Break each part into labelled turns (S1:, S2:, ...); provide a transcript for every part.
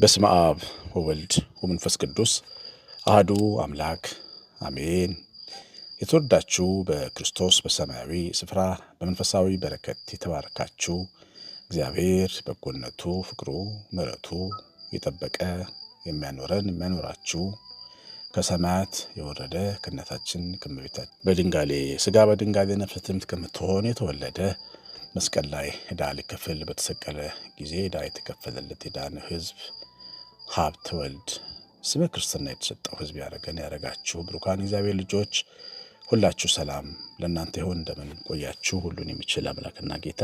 S1: በስመ አብ ወወልድ ወመንፈስ ቅዱስ አህዱ አምላክ አሜን። የተወዳችሁ በክርስቶስ በሰማያዊ ስፍራ በመንፈሳዊ በረከት የተባረካችሁ እግዚአብሔር በጎነቱ፣ ፍቅሩ፣ ምሕረቱ የጠበቀ የሚያኖረን የሚያኖራችሁ ከሰማያት የወረደ ከእናታችን ከእመቤታችን በድንጋሌ ስጋ በድንጋሌ ነፍስ ትምት ከምትሆን የተወለደ መስቀል ላይ ዕዳ ሊከፍል በተሰቀለ ጊዜ ዕዳ የተከፈለለት የዳነ ሕዝብ ሀብት ወልድ ስመ ክርስትና የተሰጠው ሕዝብ ያደረገን ያደረጋችሁ ብሩካን እግዚአብሔር ልጆች ሁላችሁ ሰላም ለእናንተ ይሆን። እንደምን ቆያችሁ? ሁሉን የሚችል አምላክና ጌታ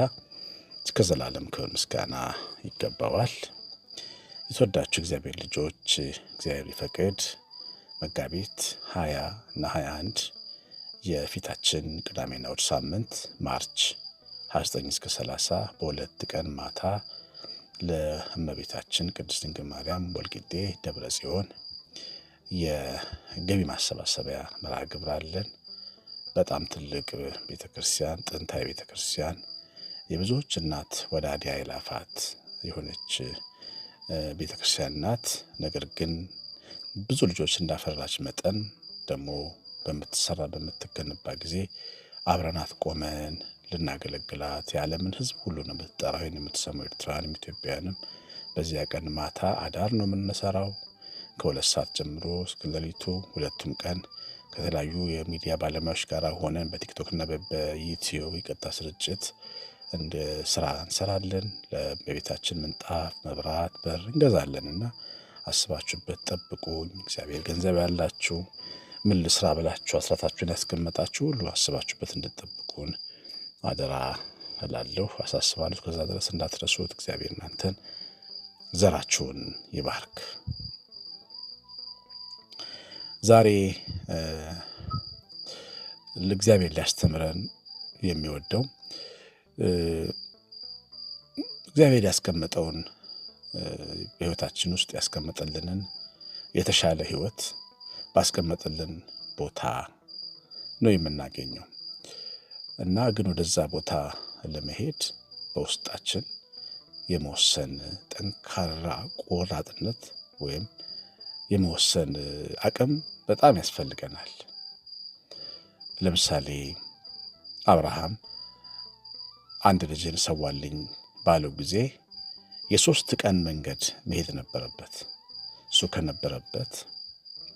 S1: እስከ ዘላለም ክብር ምስጋና ይገባዋል። የተወዳችሁ እግዚአብሔር ልጆች እግዚአብሔር ይፈቅድ መጋቢት 20 እና 21 የፊታችን ቅዳሜና እሑድ ሳምንት ማርች 29 እስከ 30 በሁለት ቀን ማታ ለእመቤታችን ቅድስት ድንግል ማርያም ወልቂጤ ደብረ ጽዮን የገቢ ማሰባሰቢያ መርሃ ግብር አለን። በጣም ትልቅ ቤተክርስቲያን፣ ጥንታዊ ቤተክርስቲያን፣ የብዙዎች እናት ወዳዲያ አይላፋት የሆነች ቤተክርስቲያን ናት። ነገር ግን ብዙ ልጆች እንዳፈራች መጠን ደግሞ በምትሰራ በምትገነባ ጊዜ አብረናት ቆመን ልናገለግላት የዓለምን ሕዝብ ሁሉ ነው የምትጠራ ወይ የምትሰሙ ኤርትራንም ኢትዮጵያንም በዚያ ቀን ማታ አዳር ነው የምንሰራው ከሁለት ሰዓት ጀምሮ እስከ ሌሊቱ ሁለቱም ቀን ከተለያዩ የሚዲያ ባለሙያዎች ጋር ሆነን በቲክቶክና በዩቲዩብ የቀጥታ ስርጭት እንደ ስራ እንሰራለን። ለቤታችን ምንጣፍ፣ መብራት፣ በር እንገዛለን እና አስባችሁበት ጠብቁኝ። እግዚአብሔር ገንዘብ ያላችሁ ምን ልስራ ብላችሁ አስራታችሁን ያስቀመጣችሁ ሁሉ አስባችሁበት እንድጠብቁን አደራ እላለሁ፣ አሳስባለሁ። ከዛ ድረስ እንዳትረሱት። እግዚአብሔር እናንተን ዘራችሁን ይባርክ። ዛሬ ለእግዚአብሔር ሊያስተምረን የሚወደው እግዚአብሔር ያስቀመጠውን በህይወታችን ውስጥ ያስቀመጠልንን የተሻለ ህይወት ባስቀመጠልን ቦታ ነው የምናገኘው እና ግን ወደዛ ቦታ ለመሄድ በውስጣችን የመወሰን ጠንካራ ቆራጥነት ወይም የመወሰን አቅም በጣም ያስፈልገናል። ለምሳሌ አብርሃም አንድ ልጅን ሰዋልኝ ባለው ጊዜ የሶስት ቀን መንገድ መሄድ ነበረበት። እሱ ከነበረበት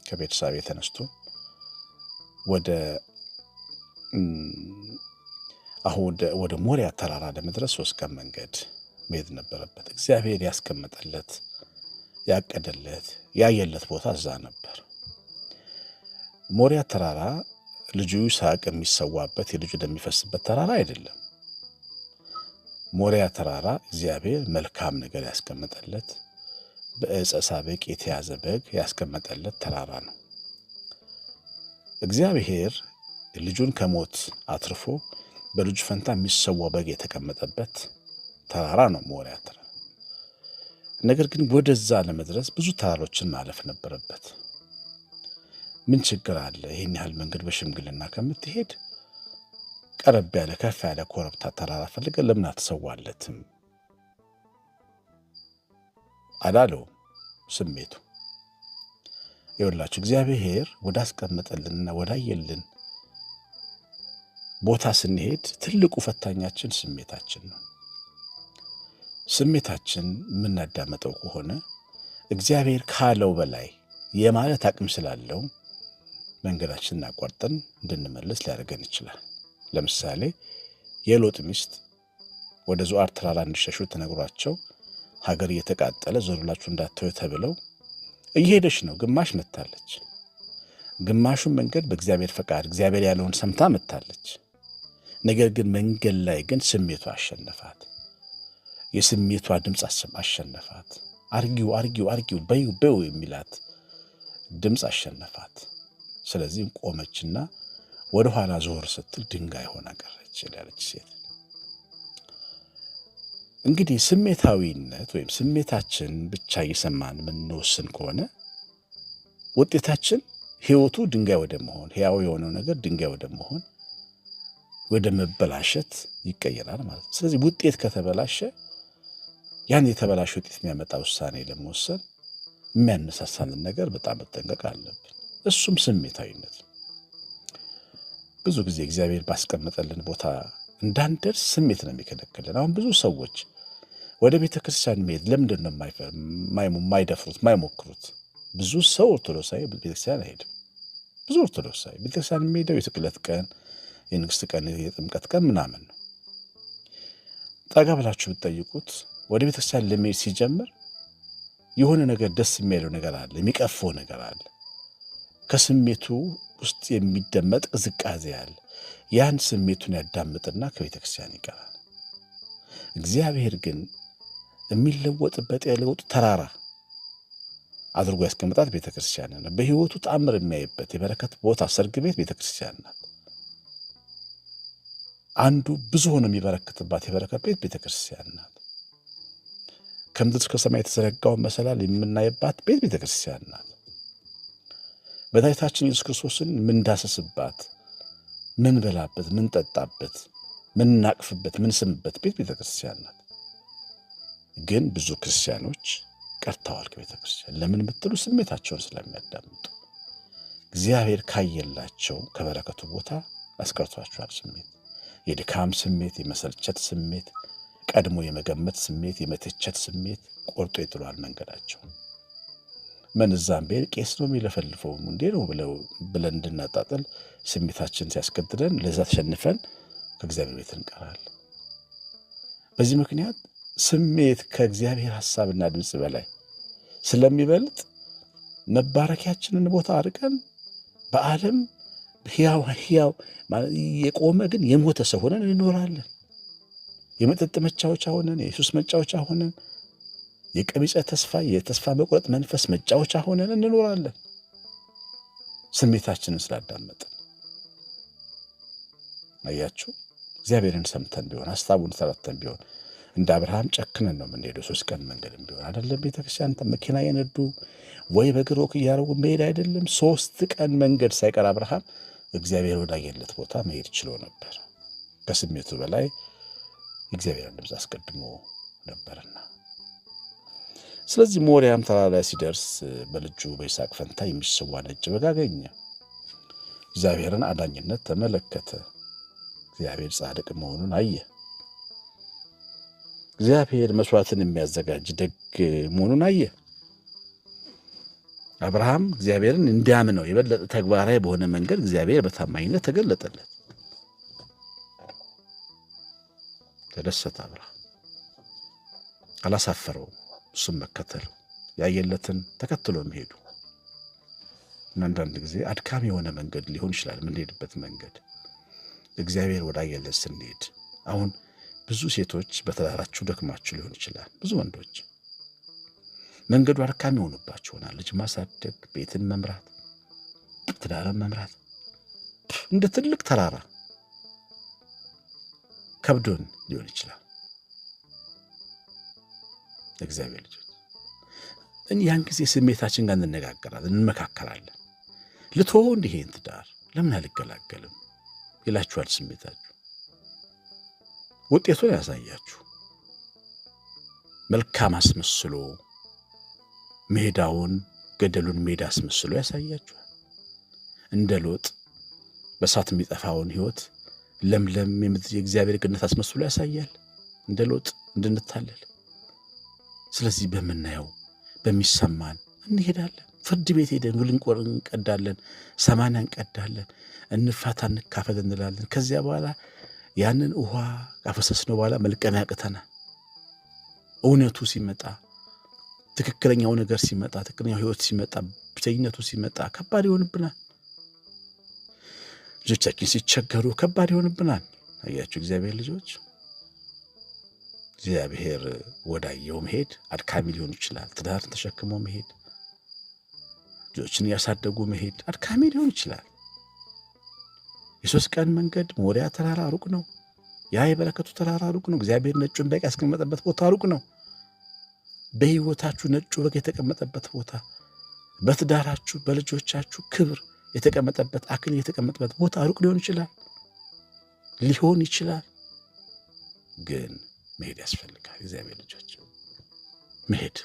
S1: ከቤተሳቤ ተነስቶ ወደ አሁን ወደ ሞሪያ ተራራ ለመድረስ ሶስት ቀን መንገድ መሄድ ነበረበት። እግዚአብሔር ያስቀመጠለት ያቀደለት ያየለት ቦታ እዛ ነበር። ሞሪያ ተራራ ልጁ ይስሐቅ የሚሰዋበት የልጁ ደሚፈስበት ተራራ አይደለም። ሞሪያ ተራራ እግዚአብሔር መልካም ነገር ያስቀመጠለት በዕፀ ሳቤቅ የተያዘ በግ ያስቀመጠለት ተራራ ነው። እግዚአብሔር ልጁን ከሞት አትርፎ በልጁ ፈንታ የሚሰዋ በግ የተቀመጠበት ተራራ ነው ሞሪያ ተራራ። ነገር ግን ወደዛ ለመድረስ ብዙ ተራሮችን ማለፍ ነበረበት። ምን ችግር አለ? ይህን ያህል መንገድ በሽምግልና ከምትሄድ ቀረብ ያለ ከፍ ያለ ኮረብታ ተራራ ፈልገ ለምን አትሰዋለትም አላለውም። ስሜቱ ይወላችሁ እግዚአብሔር ወዳስቀመጠልንና ወዳየልን ቦታ ስንሄድ ትልቁ ፈታኛችን ስሜታችን ነው። ስሜታችን የምናዳመጠው ከሆነ እግዚአብሔር ካለው በላይ የማለት አቅም ስላለው መንገዳችንን አቋርጠን እንድንመለስ ሊያደርገን ይችላል። ለምሳሌ የሎጥ ሚስት ወደ ዙዓር ተራራ እንዲሸሹ ተነግሯቸው ሀገር እየተቃጠለ ዘሩላችሁ ብላችሁ እንዳታዩ ተብለው እየሄደች ነው። ግማሽ መታለች፣ ግማሹን መንገድ በእግዚአብሔር ፈቃድ እግዚአብሔር ያለውን ሰምታ መታለች። ነገር ግን መንገድ ላይ ግን ስሜቷ አሸነፋት። የስሜቷ ድምፅ አሸነፋት። አርጊው አርጊው አርጊው በዩ በዩ የሚላት ድምፅ አሸነፋት። ስለዚህም ቆመችና ወደ ኋላ ዞር ስትል ድንጋይ ሆና ቀረች ያለች ሴት። እንግዲህ ስሜታዊነት ወይም ስሜታችን ብቻ እየሰማን የምንወስን ከሆነ ውጤታችን ህይወቱ ድንጋይ ወደ መሆን ሕያው የሆነው ነገር ድንጋይ ወደ መሆን ወደ መበላሸት ይቀየራል ማለት ነው። ስለዚህ ውጤት ከተበላሸ ያን የተበላሸ ውጤት የሚያመጣ ውሳኔ ለመወሰን የሚያነሳሳንን ነገር በጣም መጠንቀቅ አለብን። እሱም ስሜታዊነት ብዙ ጊዜ እግዚአብሔር ባስቀመጠልን ቦታ እንዳንደርስ ስሜት ነው የሚከለክልን። አሁን ብዙ ሰዎች ወደ ቤተ ክርስቲያን መሄድ ለምንድን ነው የማይደፍሩት የማይሞክሩት? ብዙ ሰው ኦርቶዶክሳዊ ቤተክርስቲያን አይሄድም። ብዙ ኦርቶዶክሳዊ ቤተክርስቲያን የሚሄደው የስቅለት ቀን፣ የንግስት ቀን፣ የጥምቀት ቀን ምናምን ነው። ጠጋ ብላችሁ ብትጠይቁት ወደ ቤተክርስቲያን ለመሄድ ሲጀምር የሆነ ነገር ደስ የሚያለው ነገር አለ፣ የሚቀፈው ነገር አለ። ከስሜቱ ውስጥ የሚደመጥ ቅዝቃዜ አለ። ያን ስሜቱን ያዳምጥና ከቤተ ክርስቲያን ይቀራል። እግዚአብሔር ግን የሚለወጥበት የለውጡ ተራራ አድርጎ ያስቀምጣት ቤተ ክርስቲያን ነው። በህይወቱ ተአምር የሚያይበት የበረከት ቦታ ሰርግ ቤት ቤተ ክርስቲያን ናት። አንዱ ብዙ ሆኖ የሚበረክትባት የበረከት ቤት ቤተ ክርስቲያን ናት። ከምድር እስከ ሰማይ የተዘረጋውን መሰላል የምናይባት ቤት ቤተ ክርስቲያን ናት። መድኃኒታችን ኢየሱስ ክርስቶስን ምንዳሰስባት፣ ምንበላበት፣ ምንጠጣበት፣ ምንናቅፍበት፣ ምንስምበት ቤት ቤተ ክርስቲያን ናት። ግን ብዙ ክርስቲያኖች ቀርተዋል ከቤተ ክርስቲያን። ለምን ብትሉ ስሜታቸውን ስለሚያዳምጡ እግዚአብሔር ካየላቸው ከበረከቱ ቦታ አስቀርቷቸዋል። ስሜት፣ የድካም ስሜት፣ የመሰልቸት ስሜት፣ ቀድሞ የመገመት ስሜት፣ የመተቸት ስሜት ቆርጦ ይጥሏል መንገዳቸውን። መንዛም ብሄድ ቄስ ነው የሚለፈልፈው እንዴ ነው ብለው ብለን እንድናጣጥል ስሜታችን ሲያስገድደን ለዛ ተሸንፈን ከእግዚአብሔር ቤት እንቀራለን። በዚህ ምክንያት ስሜት ከእግዚአብሔር ሀሳብና ድምፅ በላይ ስለሚበልጥ መባረኪያችንን ቦታ አርቀን በዓለም ሕያው ሕያው የቆመ ግን የሞተ ሰው ሆነን እንኖራለን። የመጠጥ መጫወቻ ሆነን፣ የሱስ መጫወቻ ሆነን የቀቢጸ ተስፋ የተስፋ መቁረጥ መንፈስ መጫወቻ ሆነን እንኖራለን። ስሜታችንን ስላዳመጥን አያችሁ፣ እግዚአብሔርን ሰምተን ቢሆን ሀሳቡን ተረተን ቢሆን እንደ አብርሃም ጨክነን ነው የምንሄደው። ሶስት ቀን መንገድም ቢሆን አይደለም ቤተክርስቲያን መኪና የነዱ ወይ በእግር ወክ እያደረጉ መሄድ አይደለም። ሶስት ቀን መንገድ ሳይቀር አብርሃም እግዚአብሔር ወዳየለት ቦታ መሄድ ችሎ ነበር። ከስሜቱ በላይ እግዚአብሔርን ድምፅ አስቀድሞ ነበርና ስለዚህ ሞሪያም ተራራ ላይ ሲደርስ በልጁ በይስሐቅ ፈንታ የሚሰዋ ነጭ በግ አገኘ። እግዚአብሔርን አዳኝነት ተመለከተ። እግዚአብሔር ጻድቅ መሆኑን አየ። እግዚአብሔር መስዋዕትን የሚያዘጋጅ ደግ መሆኑን አየ። አብርሃም እግዚአብሔርን እንዲያምነው የበለጠ ተግባራዊ በሆነ መንገድ እግዚአብሔር በታማኝነት ተገለጠለት። ተደሰተ። አብርሃም አላሳፈረውም። እሱም መከተል ያየለትን ተከትሎ መሄዱ አንዳንድ ጊዜ አድካሚ የሆነ መንገድ ሊሆን ይችላል። የምንሄድበት መንገድ እግዚአብሔር ወዳየለት ስንሄድ አሁን ብዙ ሴቶች በተዳራችሁ ደክማችሁ ሊሆን ይችላል። ብዙ ወንዶች መንገዱ አድካሚ የሆኑባችሁ ይሆናል። ልጅ ማሳደግ፣ ቤትን መምራት፣ ትዳርን መምራት እንደ ትልቅ ተራራ ከብዶን ሊሆን ይችላል። ለእግዚአብሔር ልጆች ያን ጊዜ ስሜታችን ጋር እንነጋገራለን፣ እንመካከራለን። ልትወው እንዲሄን ትዳር ለምን አልገላገልም ይላችኋል ስሜታችሁ። ውጤቱን ያሳያችሁ። መልካም አስመስሎ ሜዳውን ገደሉን ሜዳ አስመስሎ ያሳያችኋል። እንደ ሎጥ በእሳት የሚጠፋውን ህይወት ለምለም የእግዚአብሔር ገነት አስመስሎ ያሳያል። እንደ ሎጥ እንድንታለል ስለዚህ በምናየው በሚሰማን እንሄዳለን። ፍርድ ቤት ሄደን ውልንቆር እንቀዳለን፣ ሰማንያ እንቀዳለን፣ እንፋታ እንካፈል እንላለን። ከዚያ በኋላ ያንን ውሃ ካፈሰስነው በኋላ መልቀም ያቅተናል። እውነቱ ሲመጣ፣ ትክክለኛው ነገር ሲመጣ፣ ትክክለኛው ህይወት ሲመጣ፣ ብቸኝነቱ ሲመጣ ከባድ ይሆንብናል። ልጆቻችን ሲቸገሩ ከባድ ይሆንብናል። አያችሁ እግዚአብሔር ልጆች እግዚአብሔር ወዳየው መሄድ አድካሚ ሊሆን ይችላል። ትዳርን ተሸክሞ መሄድ፣ ልጆችን እያሳደጉ መሄድ አድካሚ ሊሆን ይችላል። የሶስት ቀን መንገድ ሞሪያ ተራራ ሩቅ ነው። ያ የበረከቱ ተራራ ሩቅ ነው። እግዚአብሔር ነጩን በግ ያስቀመጠበት ቦታ ሩቅ ነው። በህይወታችሁ ነጩ በግ የተቀመጠበት ቦታ፣ በትዳራችሁ በልጆቻችሁ ክብር የተቀመጠበት አክሊል የተቀመጠበት ቦታ ሩቅ ሊሆን ይችላል ሊሆን ይችላል ግን መሄድ ያስፈልጋል። እግዚአብሔር ልጆች መሄድ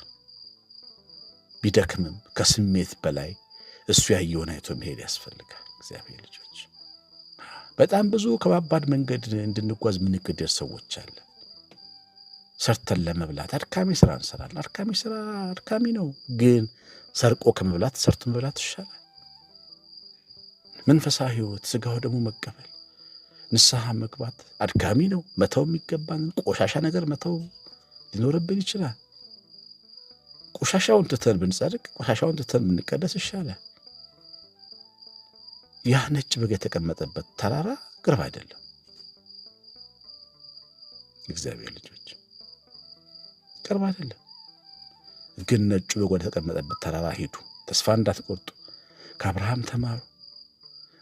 S1: ቢደክምም ከስሜት በላይ እሱ ያየውን አይቶ መሄድ ያስፈልጋል። እግዚአብሔር ልጆች በጣም ብዙ ከባባድ መንገድ እንድንጓዝ ምንገደድ ሰዎች አለ። ሰርተን ለመብላት አድካሚ ስራ እንሰራለን። አድካሚ ስራ አድካሚ ነው፣ ግን ሰርቆ ከመብላት ሰርቶ መብላት ይሻላል። መንፈሳዊ ህይወት ስጋው ደግሞ መቀበል ንስሐ መግባት አድካሚ ነው። መተው የሚገባን ቆሻሻ ነገር መተው ሊኖርብን ይችላል። ቆሻሻውን ትተን ብንጸድቅ፣ ቆሻሻውን ትተን ብንቀደስ ይሻላል። ያ ነጭ በግ የተቀመጠበት ተራራ ቅርብ አይደለም። እግዚአብሔር ልጆች ቅርብ አይደለም፣ ግን ነጩ በግ ወደ ተቀመጠበት ተራራ ሂዱ። ተስፋ እንዳትቆርጡ፣ ከአብርሃም ተማሩ።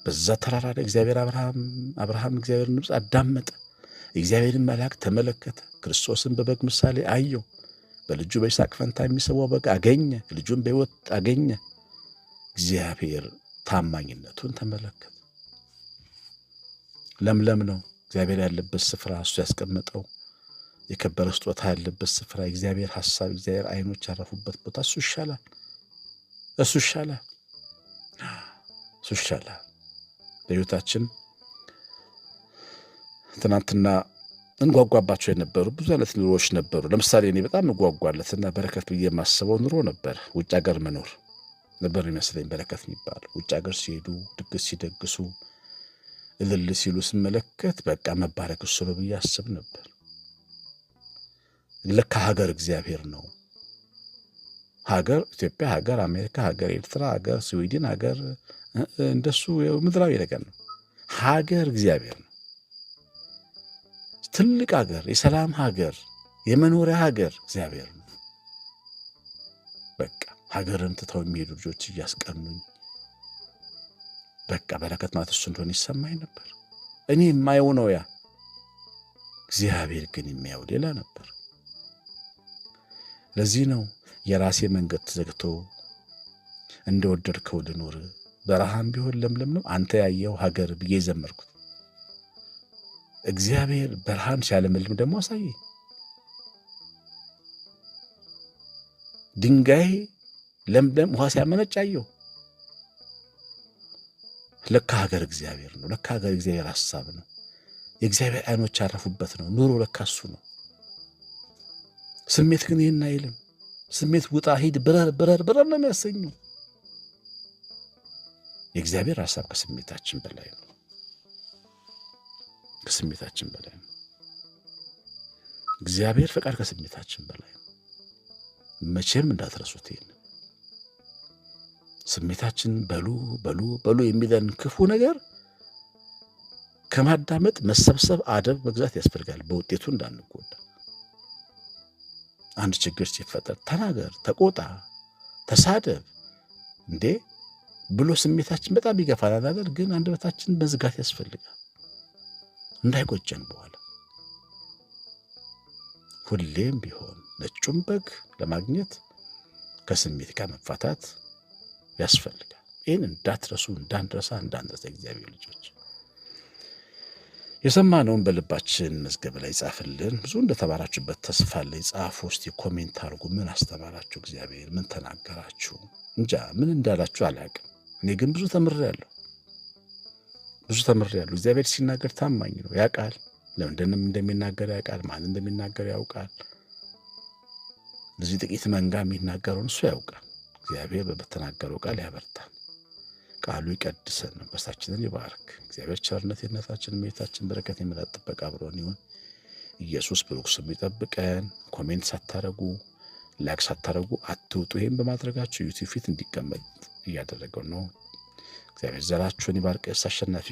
S1: በዛ ተራራ ላይ እግዚአብሔር አብርሃም እግዚአብሔርን ድምፅ አዳመጠ። እግዚአብሔርን መልአክ ተመለከተ። ክርስቶስን በበግ ምሳሌ አየው። በልጁ በይስሐቅ ፈንታ የሚሰዋው በግ አገኘ። ልጁን በሕይወት አገኘ። እግዚአብሔር ታማኝነቱን ተመለከተ። ለምለም ነው እግዚአብሔር ያለበት ስፍራ፣ እሱ ያስቀመጠው የከበረ ስጦታ ያለበት ስፍራ፣ እግዚአብሔር ሐሳብ፣ እግዚአብሔር አይኖች ያረፉበት ቦታ እሱ ይሻላል። እሱ ይሻላል። እሱ ይሻላል። በህይወታችን ትናንትና እንጓጓባቸው የነበሩ ብዙ አይነት ኑሮዎች ነበሩ። ለምሳሌ እኔ በጣም እጓጓለትና በረከት ብዬ የማስበው ኑሮ ነበር። ውጭ ሀገር መኖር ነበር የሚመስለኝ በረከት የሚባል ውጭ ሀገር ሲሄዱ ድግስ ሲደግሱ እልል ሲሉ ስመለከት በቃ መባረክ እሱ ነው ብዬ አስብ ነበር። ለካ ሀገር እግዚአብሔር ነው። ሀገር ኢትዮጵያ፣ ሀገር አሜሪካ፣ ሀገር ኤርትራ፣ ሀገር ስዊድን፣ ሀገር እንደሱ ምድራዊ ነገር ነው። ሀገር እግዚአብሔር ነው። ትልቅ ሀገር፣ የሰላም ሀገር፣ የመኖሪያ ሀገር እግዚአብሔር ነው። በቃ ሀገርን ትተው የሚሄዱ ልጆች እያስቀኑኝ በቃ በረከት ማለት እሱ እንደሆነ ይሰማኝ ነበር። እኔ የማየው ነው ያ እግዚአብሔር ግን የሚያው ሌላ ነበር። ለዚህ ነው የራሴ መንገድ ተዘግቶ እንደወደድከው ልኖር በረሃም ቢሆን ለምለም ነው አንተ ያየው ሀገር ብዬ ዘመርኩት። እግዚአብሔር በረሃም ሲያለመልም ደግሞ አሳየ። ድንጋይ ለምለም ውሃ ሲያመነጭ አየው። ለካ ሀገር እግዚአብሔር ነው። ለካ ሀገር እግዚአብሔር ሀሳብ ነው። የእግዚአብሔር አይኖች ያረፉበት ነው። ኑሮ ለካ እሱ ነው። ስሜት ግን ይህን አይልም። ስሜት ውጣ፣ ሂድ፣ ብረር፣ ብረር፣ ብረር ነው የሚያሰኘው። የእግዚአብሔር ሀሳብ ከስሜታችን በላይ ነው። ከስሜታችን በላይ ነው። እግዚአብሔር ፈቃድ ከስሜታችን በላይ ነው። መቼም እንዳትረሱት ይህን ስሜታችን በሉ በሉ በሉ የሚለን ክፉ ነገር ከማዳመጥ መሰብሰብ፣ አደብ መግዛት ያስፈልጋል። በውጤቱ እንዳንጎዳ አንድ ችግር ሲፈጠር ተናገር፣ ተቆጣ፣ ተሳደብ እንዴ ብሎ ስሜታችን በጣም ይገፋናል አይደል? ግን አንደበታችን መዝጋት ያስፈልጋል እንዳይቆጨን በኋላ። ሁሌም ቢሆን ነጩን በግ ለማግኘት ከስሜት ጋር መፋታት ያስፈልጋል። ይህን እንዳትረሱ፣ እንዳንረሳ፣ እንዳንረሳ እግዚአብሔር ልጆች የሰማነውን በልባችን መዝገብ ላይ ጻፍልን። ብዙ እንደተማራችሁበት ተስፋ ላይ ጻፉ። ውስጥ ኮሜንት አርጉ። ምን አስተማራችሁ እግዚአብሔር? ምን ተናገራችሁ? እንጃ ምን እንዳላችሁ አላቅም። እኔ ግን ብዙ ተምሬያለሁ፣ ብዙ ተምሬያለሁ። እግዚአብሔር ሲናገር ታማኝ ነው፣ ያውቃል። ለምንድንም እንደሚናገር ያውቃል። ማን እንደሚናገር ያውቃል። በዚህ ጥቂት መንጋ የሚናገረውን እሱ ያውቃል። እግዚአብሔር በተናገረው ቃል ያበርታል። ቃሉ ይቀድሰን፣ መንፈሳችንን ይባርክ። እግዚአብሔር ቸርነት፣ የእናታችን ሜታችን በረከት የመላት ጥበቃ አብሮን ይሁን። ኢየሱስ ብሩክ ስም ይጠብቀን። ኮሜንት ሳታረጉ ላይክ ሳታረጉ አትውጡ። ይህም በማድረጋቸው ዩቲዩብ ፊት እንዲቀመጥ እያደረገው ነው። እግዚአብሔር ዘራችሁን ይባርክ። አሸናፊ